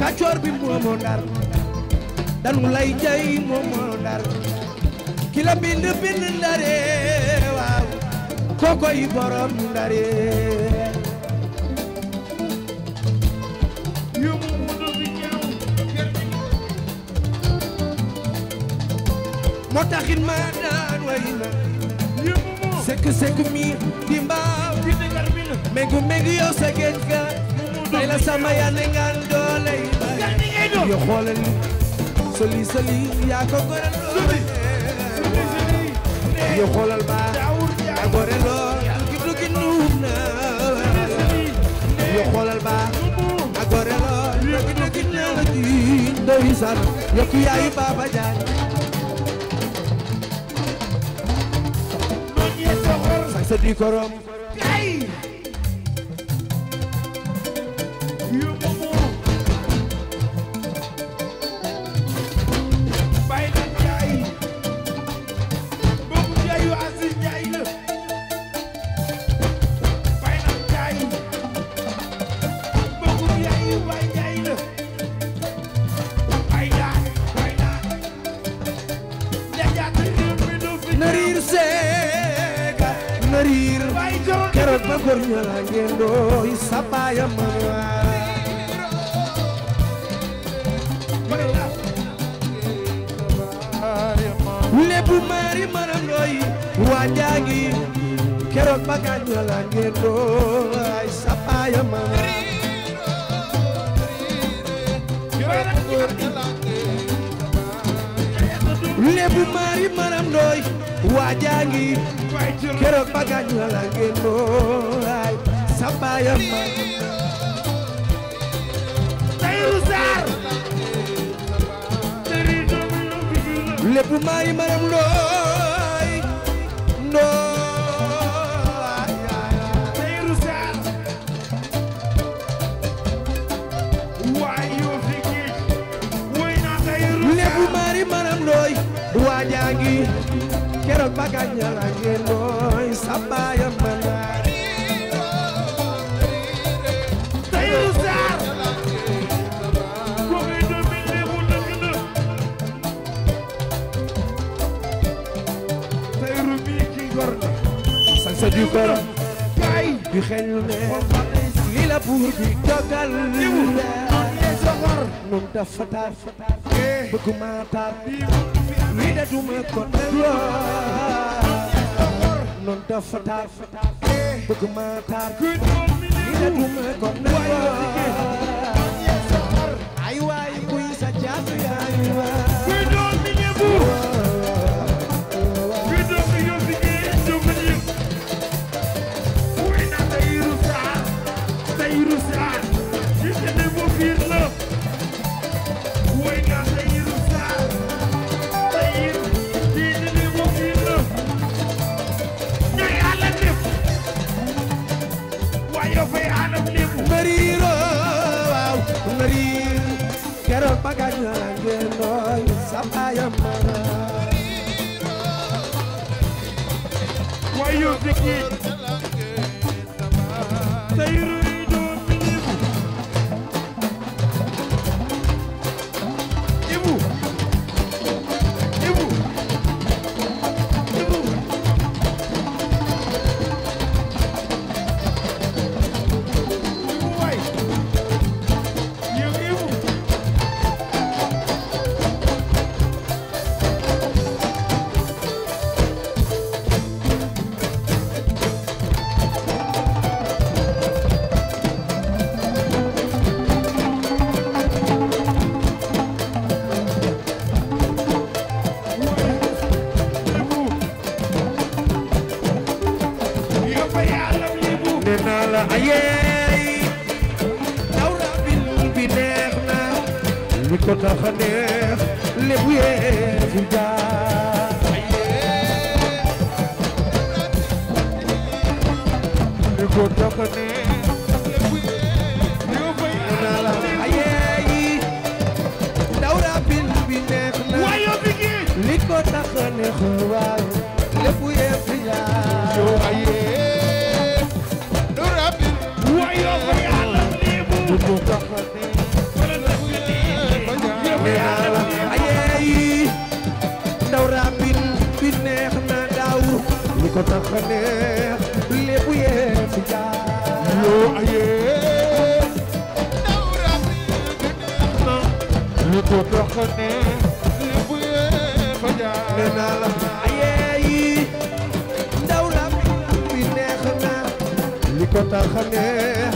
kàccoor bi moomoo ndar danu lay jay moomoo ndar ki bind bind ndare waaw kookoy borom ndare moo taxit ma daan way na sekk sekk mi di mbaaw mengu mengu yow sa géej ga tey la sama yàlla ngaan doole yi bari yoo xoolal soli soli yaa ko gore lool yoo xoolal ba yaa gore lool dugi dugi nuub na yoo xoolal ba yaa gore lool dugi dugi nela ji ndeysaan yokku yaayu baaba jaay sa di korom Keroog ba góor ña la ngeen doy sa baayam du maari maram looy waa jaagi keroog ba gaañu la ngeen doo ay sapaaya ma maari maram looy waa jaagi keroog ba gaañu la ngeen doo ay sapaaya lépp maay maram ndooy ndooy tey rusaal waay yoo fi géej woy naa tey rusaal lépp maari maram ndooy waajaa ngi keroog bagañ ñala ngeen ndooy sa baayam du korom kay du xel lu ne li la buur bi dogal nun dafa taar bëgg maa taar li da duma ko delloo nun dafa taar bëgg maa taar li da duma ko delloo ay waay kuy sa jaatu yaay waay keroog ba gaañ la ngeen nooy wayu dikki ayéey daw rabin bi neex na li ko tax a neex lébu yee ci jaar ayéey li ko tax a neex lébu yee ayéey daw rabin bi neex na li ko tax a neex waaw ko tax neex lépp yee fi jaar loo ayee ndaw rabbi ga na li ko tax neex lépp yee fa jaar nee naa la ayee yi na li ko tax neex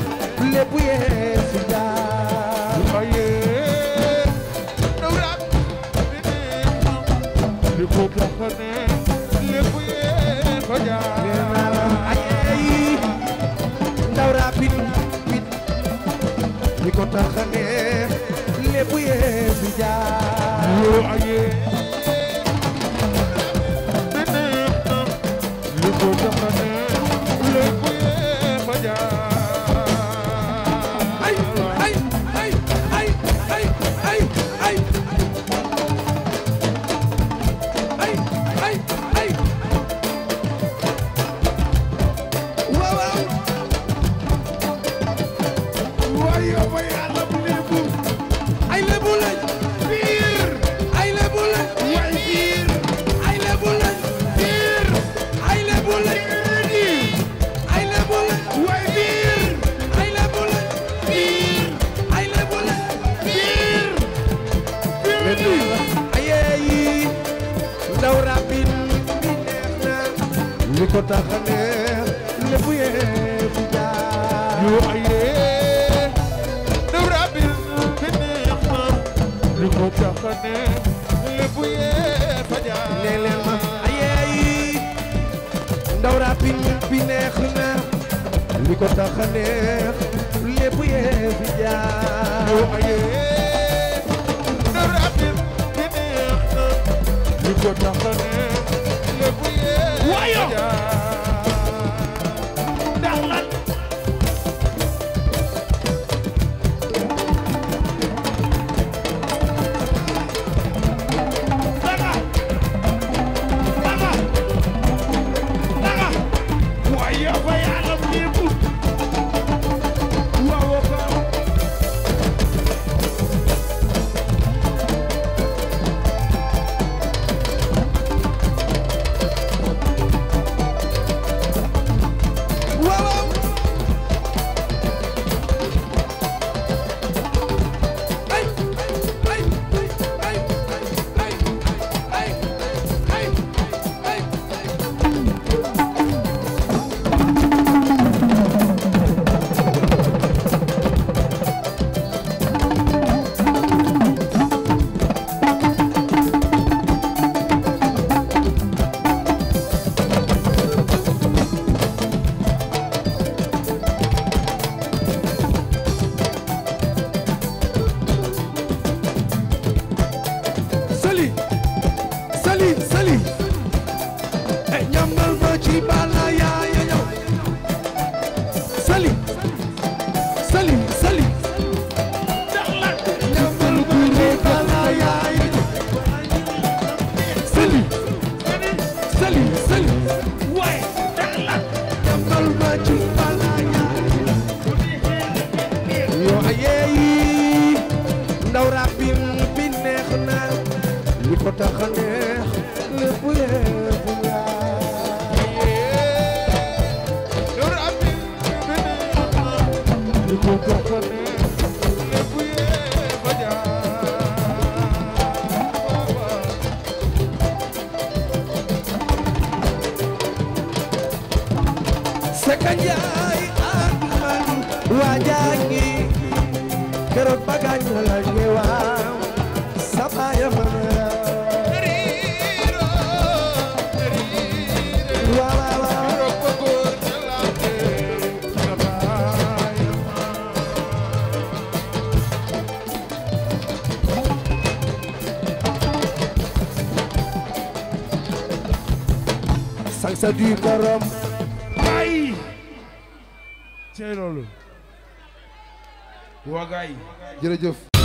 lépp yee fi jaar ko tax a neex lépp yee fi jaar tax a neex lépp yee fi jaar yu ayee nu rabbil fi neex ma li ko tax a neex lépp yee fa jaar léeg-léeg ma ayee ndaw rabbil bi neex na li ko tax a neex lépp yee fi jaar yu ayee nu rabbil fi neex na li ko tax sali sali e ñamal ma ci bala yaaya yow sali sali sali dalla ñamal ku ne bala yaaya yow sali sali sali Wajangi, kerap bagan walang ngewa sang sa duy borom bay cey loolu waa gaay jërëjëf